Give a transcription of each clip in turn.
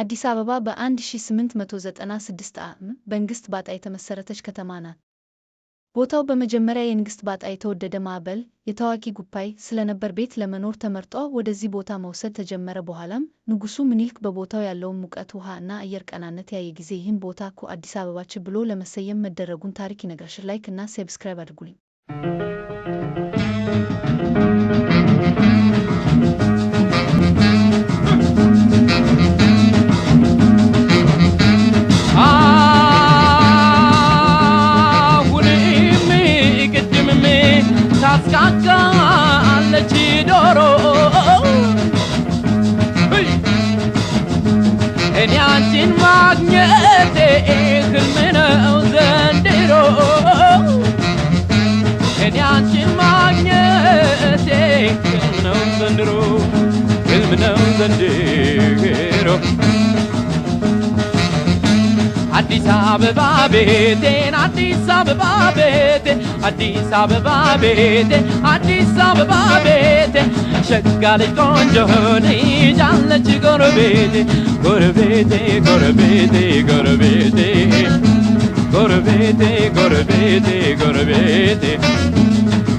አዲስ አበባ በ1896 ዓ.ም በንግሥት ባጣ የተመሠረተች ከተማ ናት። ቦታው በመጀመሪያ የንግሥት ባጣ የተወደደ ማዕበል የታዋቂ ጉባኤ ስለነበር ቤት ለመኖር ተመርጦ ወደዚህ ቦታ መውሰድ ተጀመረ። በኋላም ንጉሡ ምኒልክ በቦታው ያለውን ሙቀት፣ ውሃ እና አየር ቀናነት ያየ ጊዜ ይህን ቦታ እኮ አዲስ አበባች ብሎ ለመሰየም መደረጉን ታሪክ ይነግረሻል። ላይክ እና ሰብስክራይብ አድርጉልኝ። ታስቃቃ አለች ዶሮ እኔ አንቺን ማግኘቴ ህልም ነው ዘንድሮ እኔ አንቺን ማግኘቴ ህልም ነው ዘንድሮ ህልም ነው ዘንድሮ አዲስ አበባ ቤቴን አዲስ አበባ ቤቴ አዲስ አበባ ቤቴ አዲስ አበባ ቤቴ ሸጋ ልጅ ቆንጆ ነሽ አለች ጎረቤቴ ጎረቤቴ ጎረቤቴ ጎረቤቴ ጎረቤቴ ጎረቤቴ ጎረቤቴ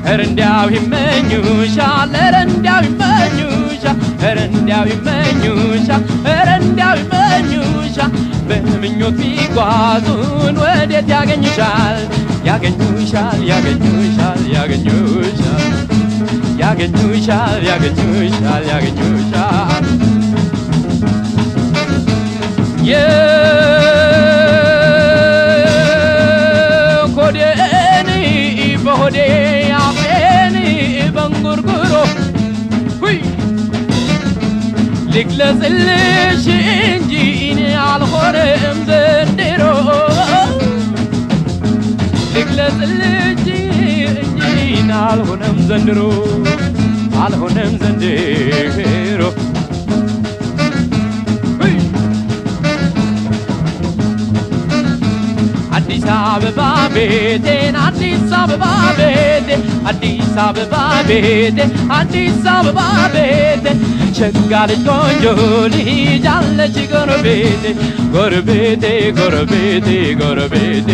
ኧረ እንዲያው ይመኙሻል ኧረ እንዲያው ይመኙሻል ኧረ እንዲያው ይመኙሻል በምኞት ቢጓዙን ወዴት ያገኙሻል ያገኙሻል ያገኙሻል ያገኙሻል ያገኙሻል ያገኙሻል ያገኙሻል የኮዴን በሆዴ አፌን በንጉርጉሮ ልግለጽልሽ እንጂ የኔ አልሆነም ዘንድሮ ልግለጽልጅ አልሆነም ዘንድሮ አልሆነም ዘንድሮ አዲስ አበባ ቤቴን አዲስ አበባ አዲስ አበባ ቤቴ አዲስ አበባ ቤቴ ቸንጋልጅ ቆንጆ ልጅ አለች ጎረቤቴ ጎረቤቴ ጎረቤቴ ጎረቤቴ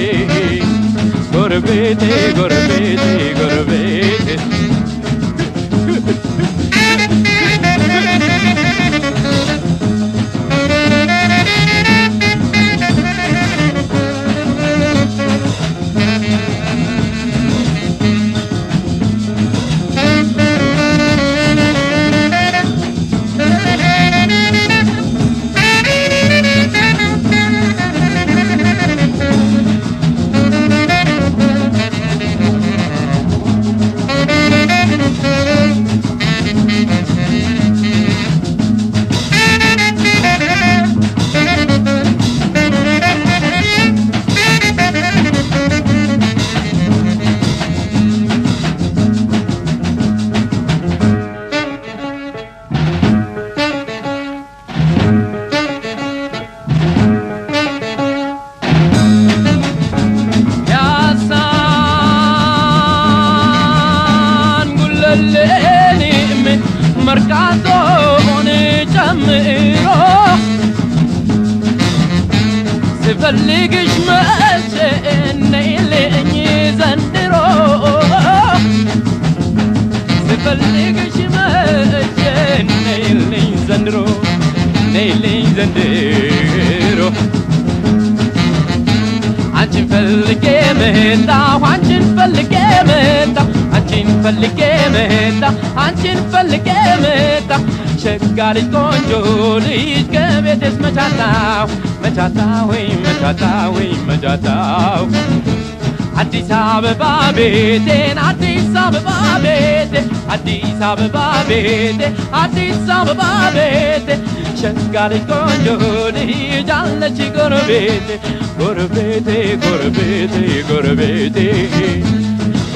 ጎረቤቴ ጎረቤቴ ጎረቤቴ አለለሊም መርካቶን ጨምሮ ስፈልግሽ መቼ ነይልኝ ዘንድሮ ስፈልግሽ መቼ ነይልኝ ዘንድሮ ነይልኝ ዘንድሮ አንቺን ፈልጌ መጣሁ አንቺን ፈልጌ መጣሁ አንቺን ፈልጌ መጣ አንቺን ፈልጌ መጣ ሸጋ ልጅ ቆንጆ ልጅ ከቤቴስ መቻጣው መቻጣው ወይ መቻጣው ወይ መቻጣው አዲስ አበባ ቤቴን አዲስ አበባ ቤቴ አዲስ አበባ ቤቴ አዲስ አበባ ቤቴ ሸጋ ልጅ ቆንጆ ልጅ አለች ጎረቤቴ ጎረቤቴ ጎረቤቴ ጎረቤቴ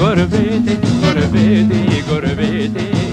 Gurbeti, gurbeti, gurbeti